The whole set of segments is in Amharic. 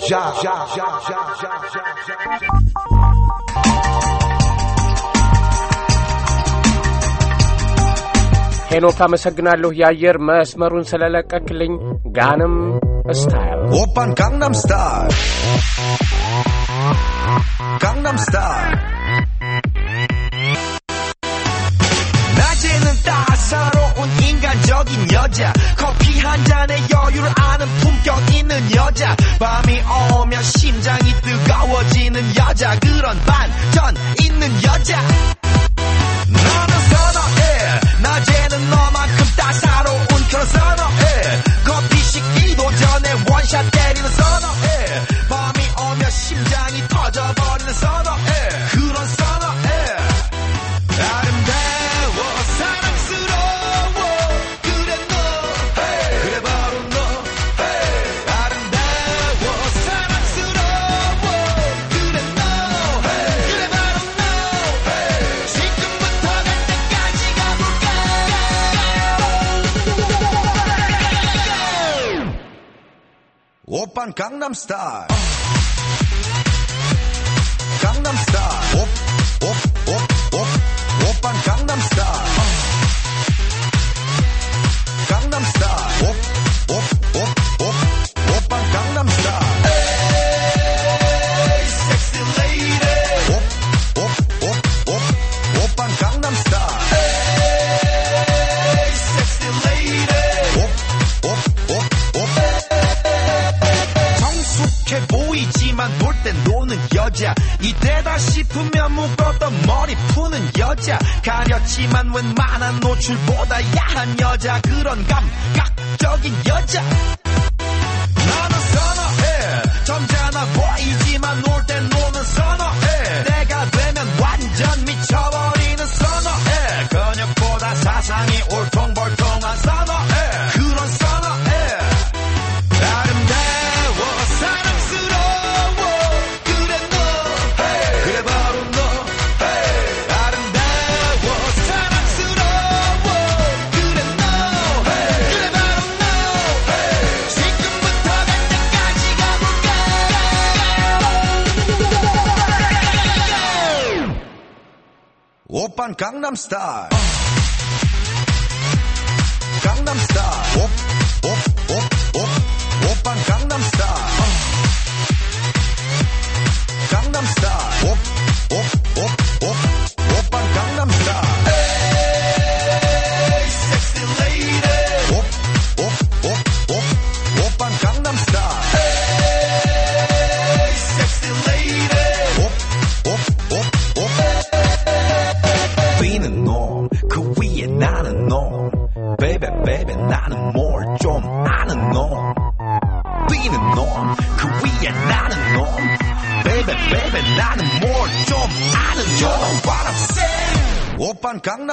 já, já, já, já, já, já, já, já. ሄኖክ አመሰግናለሁ የአየር መስመሩን ስለለቀክልኝ። ጋንም ስታይል ኦፓን ጋንግናም ስታይል ጋንግናም ስታይል 인간적인 여자 커피 한 잔에 여유를 아는 품격 있는 여자 밤이 오면 심장이 뜨거워지는 여자 그런 반전 있는 여자 너는 선어해 낮에는 너만큼 따사로운 그런 선어해 커피 식기도 전에 원샷 때리는 선어 Gangnam Style. 여자 가렸지만 웬만한 노출보다 야한 여자 그런 감각적인 여자 나는 선호해 점잖아 보이지만 노 오빤 강남 스타일. 강남 스타일. 오, 오, 오, 오, 오빤 강남 스타일.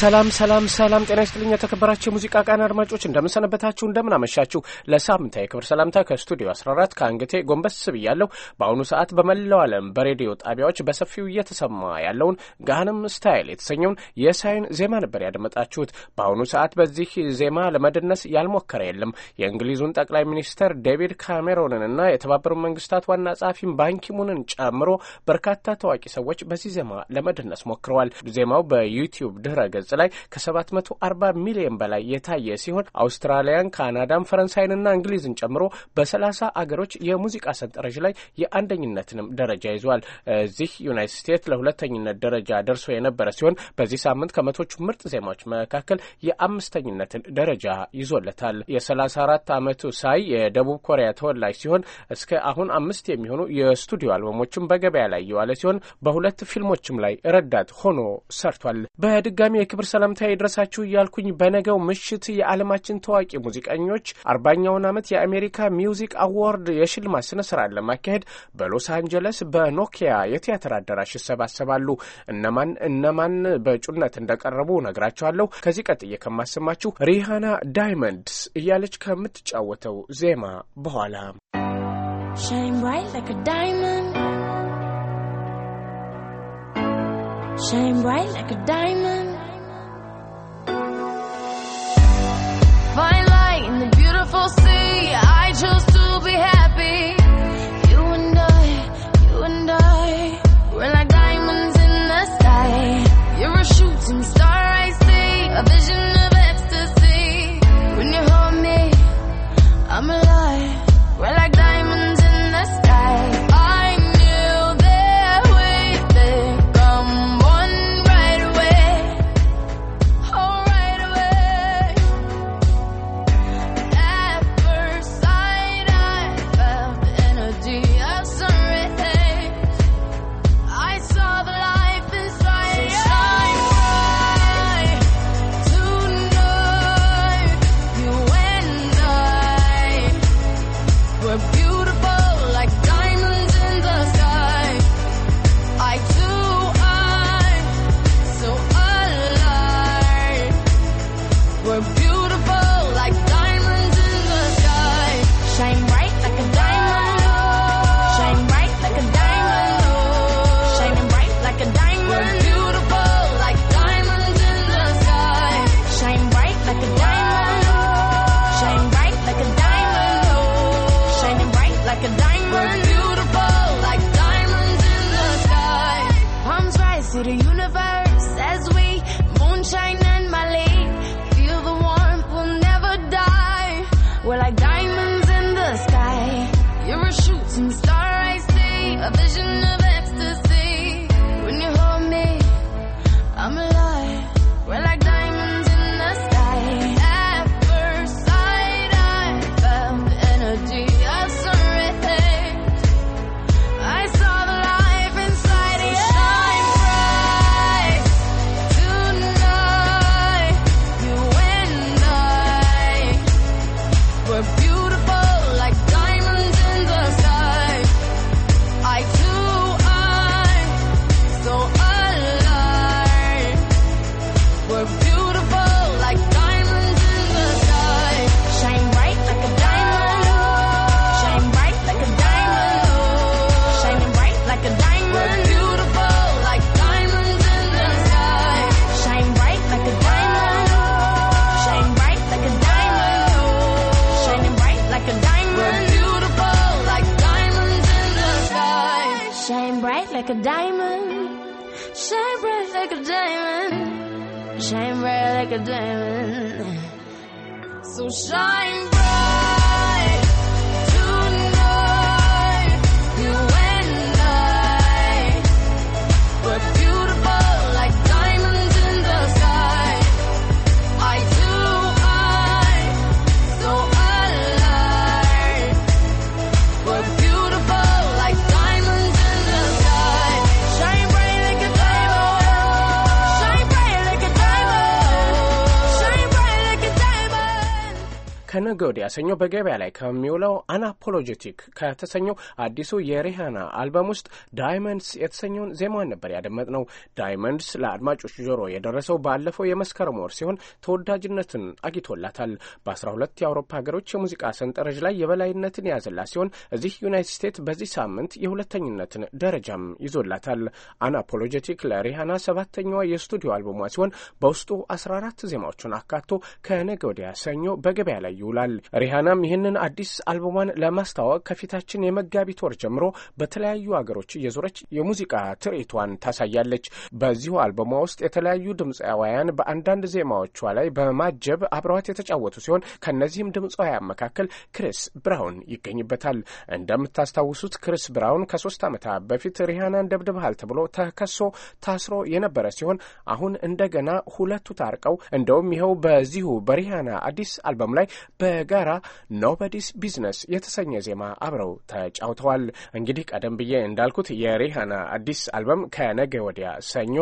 ሰላም ሰላም ሰላም፣ ጤና ይስጥልኝ የተከበራችሁ የሙዚቃ ቃና አድማጮች፣ እንደምንሰነበታችሁ፣ እንደምናመሻችሁ። ለሳምንታ የክብር ሰላምታ ከስቱዲዮ 14 ከአንገቴ ጎንበስ ብያለሁ። በአሁኑ ሰዓት በመላው ዓለም በሬዲዮ ጣቢያዎች በሰፊው እየተሰማ ያለውን ጋንም ስታይል የተሰኘውን የሳይን ዜማ ነበር ያደመጣችሁት። በአሁኑ ሰዓት በዚህ ዜማ ለመደነስ ያልሞከረ የለም። የእንግሊዙን ጠቅላይ ሚኒስተር ዴቪድ ካሜሮንን እና የተባበሩ መንግስታት ዋና ጸሐፊን ባንኪሙንን ጨምሮ በርካታ ታዋቂ ሰዎች በዚህ ዜማ ለመደነስ ሞክረዋል። ዜማው በዩቲዩብ ድረ ገጽ ገጽ ላይ ከ740 ሚሊዮን በላይ የታየ ሲሆን አውስትራሊያን፣ ካናዳን፣ ፈረንሳይንና እንግሊዝን ጨምሮ በ30 አገሮች የሙዚቃ ሰንጠረዥ ላይ የአንደኝነትንም ደረጃ ይዟል። እዚህ ዩናይትድ ስቴትስ ለሁለተኝነት ደረጃ ደርሶ የነበረ ሲሆን በዚህ ሳምንት ከመቶቹ ምርጥ ዜማዎች መካከል የአምስተኝነትን ደረጃ ይዞለታል። የ34 ዓመቱ ሳይ የደቡብ ኮሪያ ተወላጅ ሲሆን እስከ አሁን አምስት የሚሆኑ የስቱዲዮ አልበሞችም በገበያ ላይ የዋለ ሲሆን በሁለት ፊልሞችም ላይ ረዳት ሆኖ ሰርቷል። በድጋሚ የክብር ክብር ሰላምታ ይድረሳችሁ እያልኩኝ በነገው ምሽት የዓለማችን ታዋቂ ሙዚቀኞች አርባኛውን ዓመት የአሜሪካ ሚውዚክ አዋርድ የሽልማት ስነ ስርዓት ለማካሄድ በሎስ አንጀለስ በኖኪያ የቲያትር አዳራሽ ይሰባሰባሉ። እነማን እነማን በእጩነት እንደቀረቡ ነግራችኋለሁ። ከዚህ ቀጥዬ ከማሰማችሁ ሪሃና ዳይመንድስ እያለች ከምትጫወተው ዜማ በኋላ Shine bright like a diamond. light in the beautiful sea. I chose to be happy. You and I, you and I, we're like diamonds in the sky. You're a shooting star, I see, a vision of ecstasy. When you hold me, I'm alive. We're like diamonds. You. ከነገ ወዲያ ሰኞ በገበያ ላይ ከሚውለው አናፖሎጀቲክ ከተሰኘው አዲሱ የሪሃና አልበም ውስጥ ዳይመንድስ የተሰኘውን ዜማዋን ነበር ነው። ዳይመንድስ ለአድማጮች ጆሮ የደረሰው ባለፈው የመስከረም ወር ሲሆን ተወዳጅነትን አግኝቶላታል። በአስራ ሁለት የአውሮፓ ሀገሮች የሙዚቃ ሰንጠረዥ ላይ የበላይነትን የያዘላት ሲሆን እዚህ ዩናይትድ ስቴትስ በዚህ ሳምንት የሁለተኝነትን ደረጃም ይዞላታል። አናፖሎጀቲክ ለሪሃና ሰባተኛዋ የስቱዲዮ አልበሟ ሲሆን በውስጡ አስራ አራት ዜማዎቹን አካቶ ከነገ ወዲያ ሰኞ በገበያ ላይ ይውላል። ተናግረዋል። ሪሃናም ይህንን አዲስ አልበሟን ለማስተዋወቅ ከፊታችን የመጋቢት ወር ጀምሮ በተለያዩ አገሮች እየዞረች የሙዚቃ ትርኢቷን ታሳያለች። በዚሁ አልበሟ ውስጥ የተለያዩ ድምፃውያን በአንዳንድ ዜማዎቿ ላይ በማጀብ አብረዋት የተጫወቱ ሲሆን ከእነዚህም ድምፃውያን መካከል ክሪስ ብራውን ይገኝበታል። እንደምታስታውሱት ክሪስ ብራውን ከሶስት ዓመታት በፊት ሪሃናን ደብድበሃል ተብሎ ተከሶ ታስሮ የነበረ ሲሆን አሁን እንደገና ሁለቱ ታርቀው እንደውም ይኸው በዚሁ በሪሃና አዲስ አልበም ላይ በ ጋራ ኖበዲስ ቢዝነስ የተሰኘ ዜማ አብረው ተጫውተዋል። እንግዲህ ቀደም ብዬ እንዳልኩት የሪሃና አዲስ አልበም ከነገ ወዲያ ሰኞ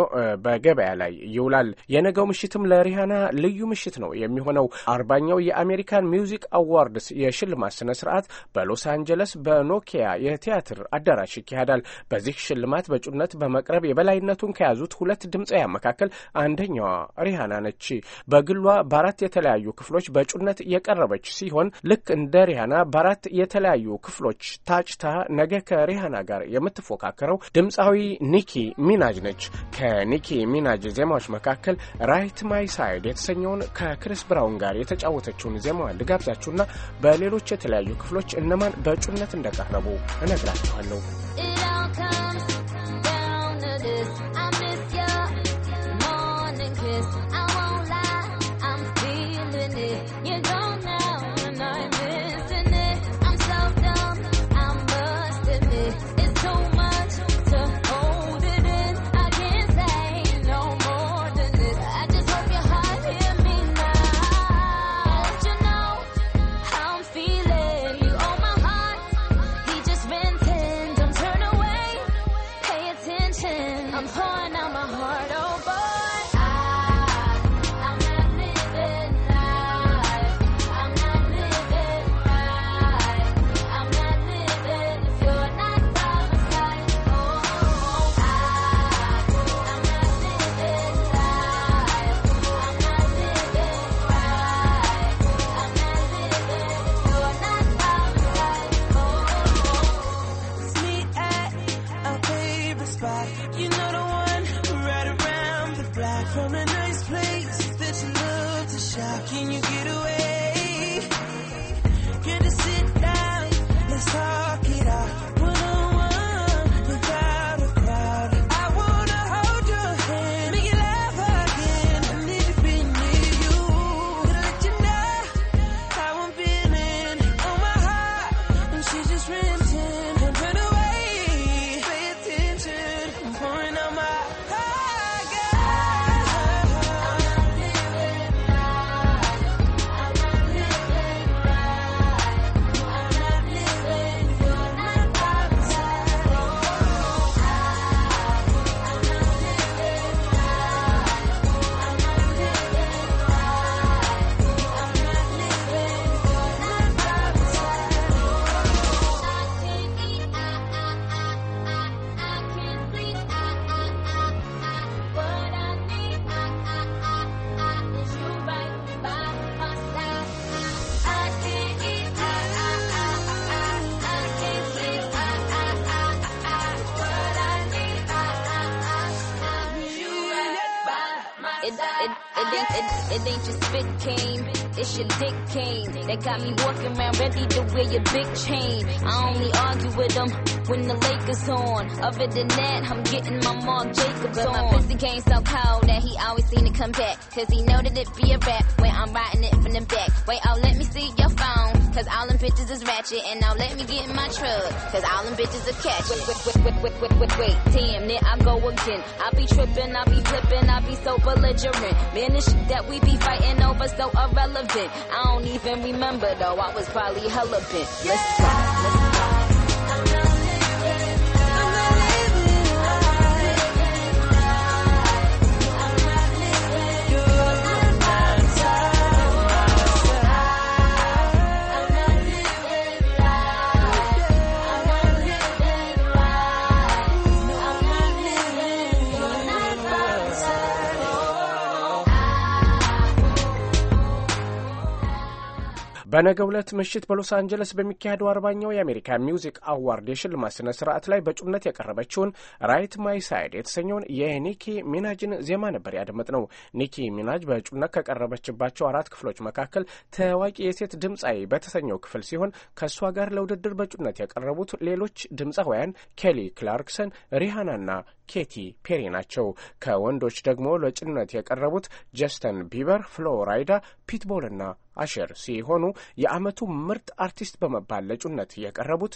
በገበያ ላይ ይውላል። የነገው ምሽትም ለሪሃና ልዩ ምሽት ነው የሚሆነው። አርባኛው የአሜሪካን ሚውዚክ አዋርድስ የሽልማት ስነ ስርዓት በሎስ አንጀለስ በኖኪያ የቲያትር አዳራሽ ይካሄዳል። በዚህ ሽልማት በእጩነት በመቅረብ የበላይነቱን ከያዙት ሁለት ድምፃውያን መካከል አንደኛዋ ሪሃና ነች። በግሏ በአራት የተለያዩ ክፍሎች በእጩነት የቀረበ የቀረበች ሲሆን ልክ እንደ ሪሃና በአራት የተለያዩ ክፍሎች ታጭታ ነገ ከሪሃና ጋር የምትፎካከረው ድምፃዊ ኒኪ ሚናጅ ነች። ከኒኪ ሚናጅ ዜማዎች መካከል ራይት ማይ ሳይድ የተሰኘውን ከክሪስ ብራውን ጋር የተጫወተችውን ዜማዋን ልጋብዛችሁና በሌሎች የተለያዩ ክፍሎች እነማን በእጩነት እንደቀረቡ እነግራችኋለሁ። your dick cane. That got me walking around ready to wear your big chain. I only argue with them when the Lakers on. Other than that, I'm getting my Mark Jacobs but my pussy game so cold that he always seen to come back. Cause he know that it be a rap when I'm riding it from the back. Wait, oh, let me see your phone. Cause all them bitches is ratchet. And now let me get in my truck. Cause all them bitches are catch. Wait, wait, wait, wait, wait, wait, wait, Damn, it, I go again. I be tripping, I be flipping, I be so belligerent. Man, the shit that we be fighting over so irrelevant. I don't even remember though. I was probably hella bent. Let's go. በነገ ሁለት ምሽት በሎስ አንጀለስ በሚካሄደው አርባኛው የአሜሪካ ሚውዚክ አዋርድ የሽልማት ስነ ስርዓት ላይ በእጩነት ያቀረበችውን ራይት ማይ ሳይድ የተሰኘውን የኒኪ ሚናጅን ዜማ ነበር ያደመጥ ነው። ኒኪ ሚናጅ በእጩነት ከቀረበችባቸው አራት ክፍሎች መካከል ታዋቂ የሴት ድምፃዊ በተሰኘው ክፍል ሲሆን ከእሷ ጋር ለውድድር በእጩነት ያቀረቡት ሌሎች ድምፃውያን ኬሊ ክላርክሰን፣ ና ኬቲ ፔሪ ናቸው። ከወንዶች ደግሞ ለእጩነት የቀረቡት ጀስተን ቢበር፣ ፍሎራይዳ ፒትቦልና አሸር ሲሆኑ የዓመቱ ምርጥ አርቲስት በመባል ለእጩነት የቀረቡት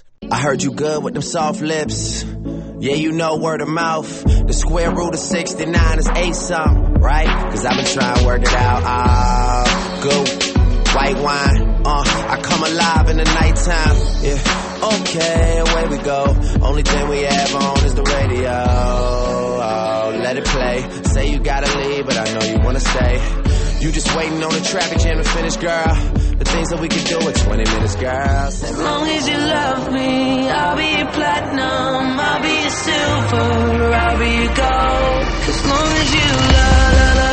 Yeah, you know word of mouth. The square root of 69 is 8 something, right? Cause I've been trying to work it out. Ah, uh, go, white wine, uh, I come alive in the nighttime, yeah. Okay, away we go. Only thing we have on is the radio. Oh, let it play. Say you gotta leave, but I know you wanna stay. You just waiting on the traffic jam to finish, girl. The things that we can do in 20 minutes, girl. As long as you love me, I'll be your platinum, I'll be your silver, I'll be your gold. As long as you love.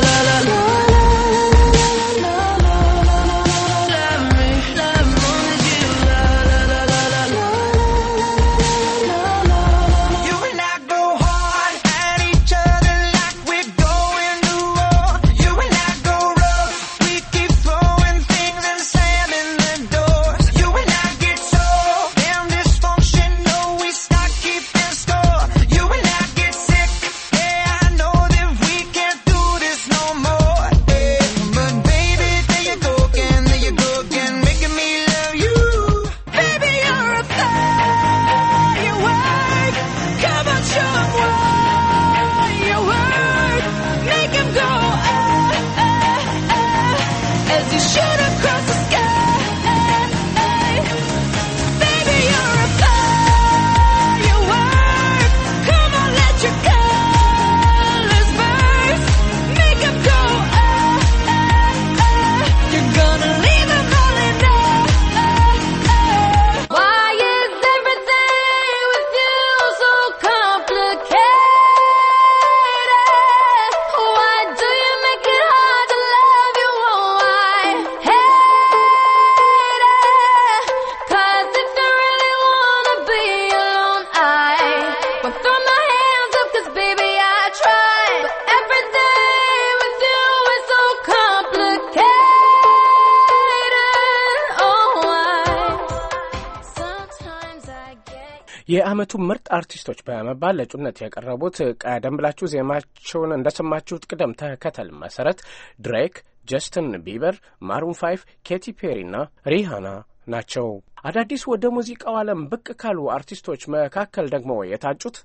የዓመቱ ምርጥ አርቲስቶች በመባል ለእጩነት የቀረቡት ቀደም ብላችሁ ዜማቸውን እንደሰማችሁት ቅደም ተከተል መሰረት ድሬክ፣ ጀስትን ቢበር፣ ማሩን ፋይፍ፣ ኬቲ ፔሪና ሪሃና ናቸው። አዳዲስ ወደ ሙዚቃው ዓለም ብቅ ካሉ አርቲስቶች መካከል ደግሞ የታጩት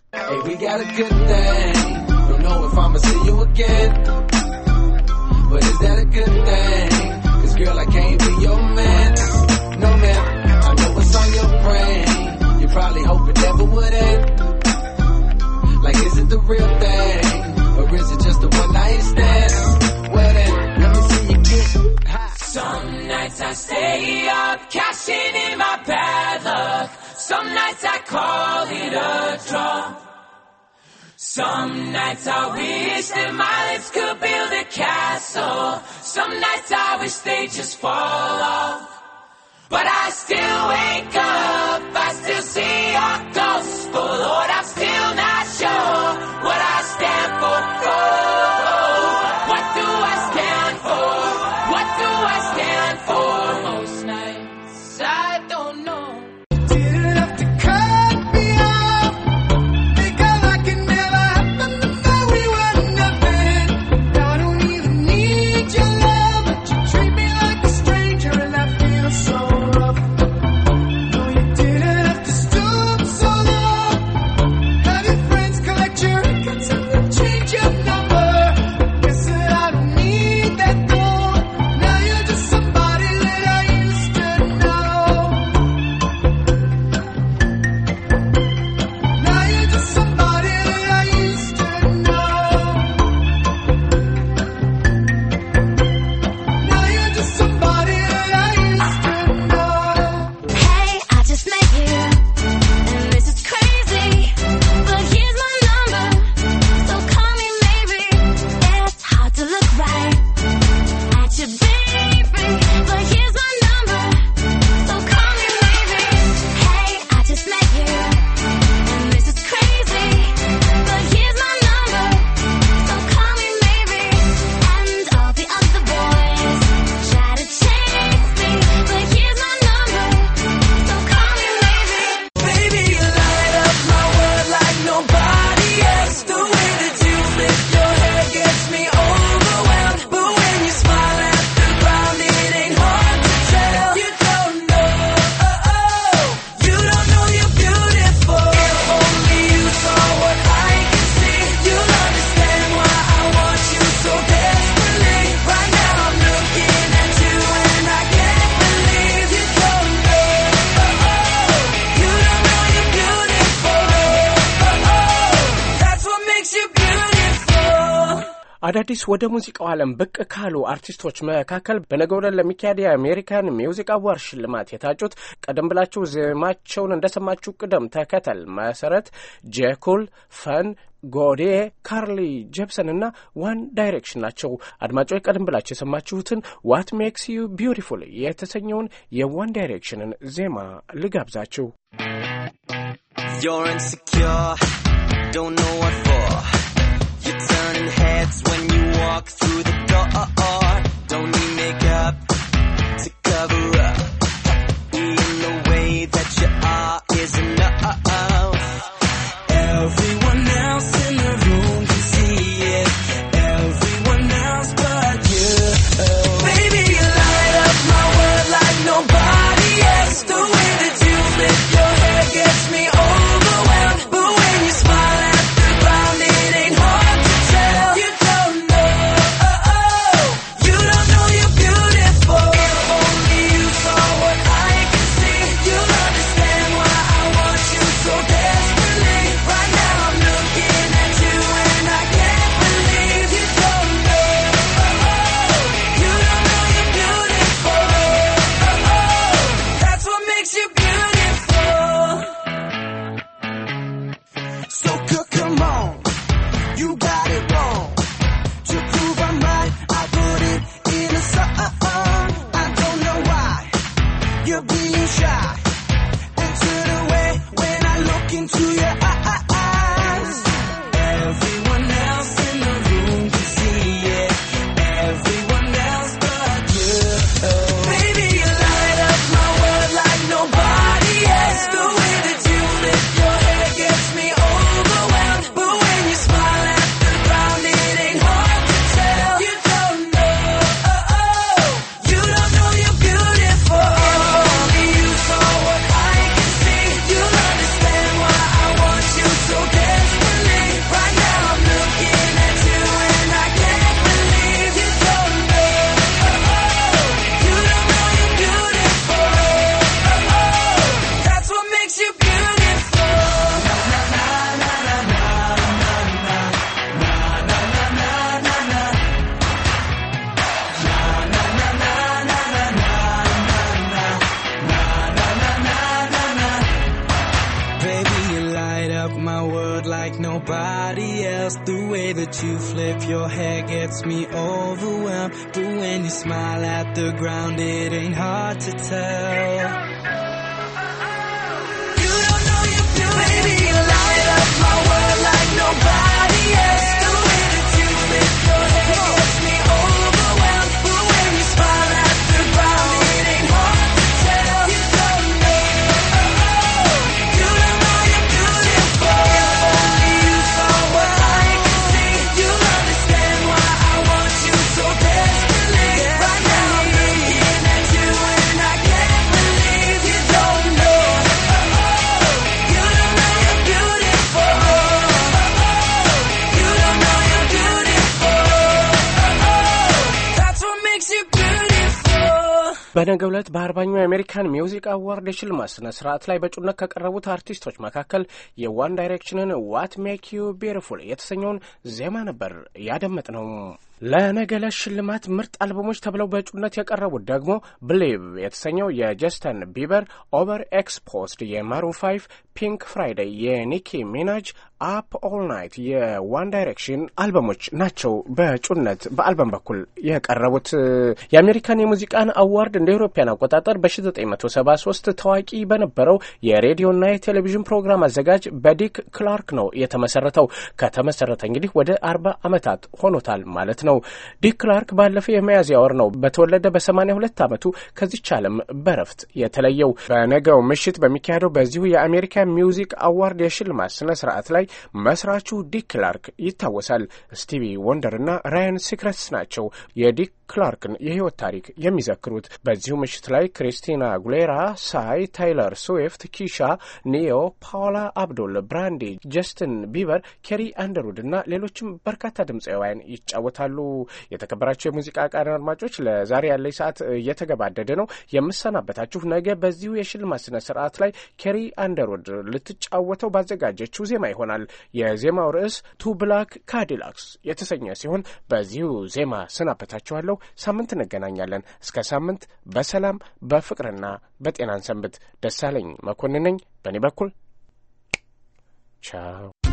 But is that a good thing? Cause girl, I can't be your man. probably hope it never would end. Like, is it the real thing? Or is it just a one night stand? Well then, let me see you get high. Some nights I stay up, cashing in my bad luck. Some nights I call it a draw. Some nights I wish that my lips could build a castle. Some nights I wish they would just fall off. But I still wake አዳዲስ ወደ ሙዚቃው ዓለም ብቅ ካሉ አርቲስቶች መካከል በነገው ዕለት ለሚካሄድ የአሜሪካን ሚውዚክ አዋር ሽልማት የታጩት ቀደም ብላችሁ ዜማቸውን እንደሰማችሁ ቅደም ተከተል መሰረት ጄኩል ፈን ጎዴ፣ ካርሊ ጄፕሰን እና ዋን ዳይሬክሽን ናቸው። አድማጮች ቀደም ብላችሁ የሰማችሁትን ዋት ሜክስ ዩ ቢዩቲፉል የተሰኘውን የዋን ዳይሬክሽንን ዜማ ልጋብዛችሁ። You're insecure, don't know what for turning heads when you walk through the door. Don't need makeup to cover You're being shy and turn away when I look into your eyes. Just the way that you flip your hair gets me overwhelmed. But when you smile at the ground, it ain't hard to tell. You don't know your beauty, baby. You light up my world like nobody else. በነገ ዕለት በአርባኛው የአሜሪካን ሚውዚክ አዋርድ የሽልማት ስነ ስርዓት ላይ በእጩነት ከቀረቡት አርቲስቶች መካከል የዋን ዳይሬክሽንን ዋት ሜክ ዩ ቤርፉል የተሰኘውን ዜማ ነበር ያደመጥ ነው። ለነገለ ሽልማት ምርጥ አልበሞች ተብለው በእጩነት የቀረቡት ደግሞ ብሊቭ የተሰኘው የጀስተን ቢበር፣ ኦቨር ኤክስፖስድ የማሩን ፋይቭ፣ ፒንክ ፍራይደይ የኒኪ ሚናጅ፣ አፕ ኦል ናይት የዋን ዳይሬክሽን አልበሞች ናቸው። በእጩነት በአልበም በኩል የቀረቡት የአሜሪካን የሙዚቃን አዋርድ እንደ አውሮፓውያን አቆጣጠር በ1973 ታዋቂ በነበረው የሬዲዮና የቴሌቪዥን ፕሮግራም አዘጋጅ በዲክ ክላርክ ነው የተመሰረተው። ከተመሰረተ እንግዲህ ወደ አርባ ዓመታት ሆኖታል ማለት ነው። ነው። ዲክ ክላርክ ባለፈው የሚያዝያ ወር ነው በተወለደ በሰማኒያ ሁለት ዓመቱ ከዚች ዓለም በረፍት የተለየው። በነገው ምሽት በሚካሄደው በዚሁ የአሜሪካ ሚውዚክ አዋርድ የሽልማት ስነ ስርዓት ላይ መስራቹ ዲክ ክላርክ ይታወሳል። ስቲቪ ወንደር እና ራያን ሲክረትስ ናቸው የዲክ ክላርክን የህይወት ታሪክ የሚዘክሩት። በዚሁ ምሽት ላይ ክሪስቲና አጉሌራ፣ ሳይ፣ ታይለር ስዊፍት፣ ኪሻ፣ ኒዮ፣ ፓውላ አብዶል፣ ብራንዲ፣ ጀስትን ቢበር፣ ኬሪ አንደርውድ እና ሌሎችም በርካታ ድምፃውያን ይጫወታሉ። የተከበራቸው የሙዚቃ ቃን አድማጮች ለዛሬ ያለኝ ሰዓት እየተገባደደ ነው። የምሰናበታችሁ ነገ በዚሁ የሽልማት ስነ ስርዓት ላይ ኬሪ አንደርውድ ልትጫወተው ባዘጋጀችው ዜማ ይሆናል። የዜማው ርዕስ ቱ ብላክ ካዲላክስ የተሰኘ ሲሆን በዚሁ ዜማ ስናበታችኋለሁ። አመሰግናለሁ። ሳምንት እንገናኛለን። እስከ ሳምንት በሰላም በፍቅርና በጤናን ሰንብት። ደሳለኝ መኮንን ነኝ። በእኔ በኩል ቻው።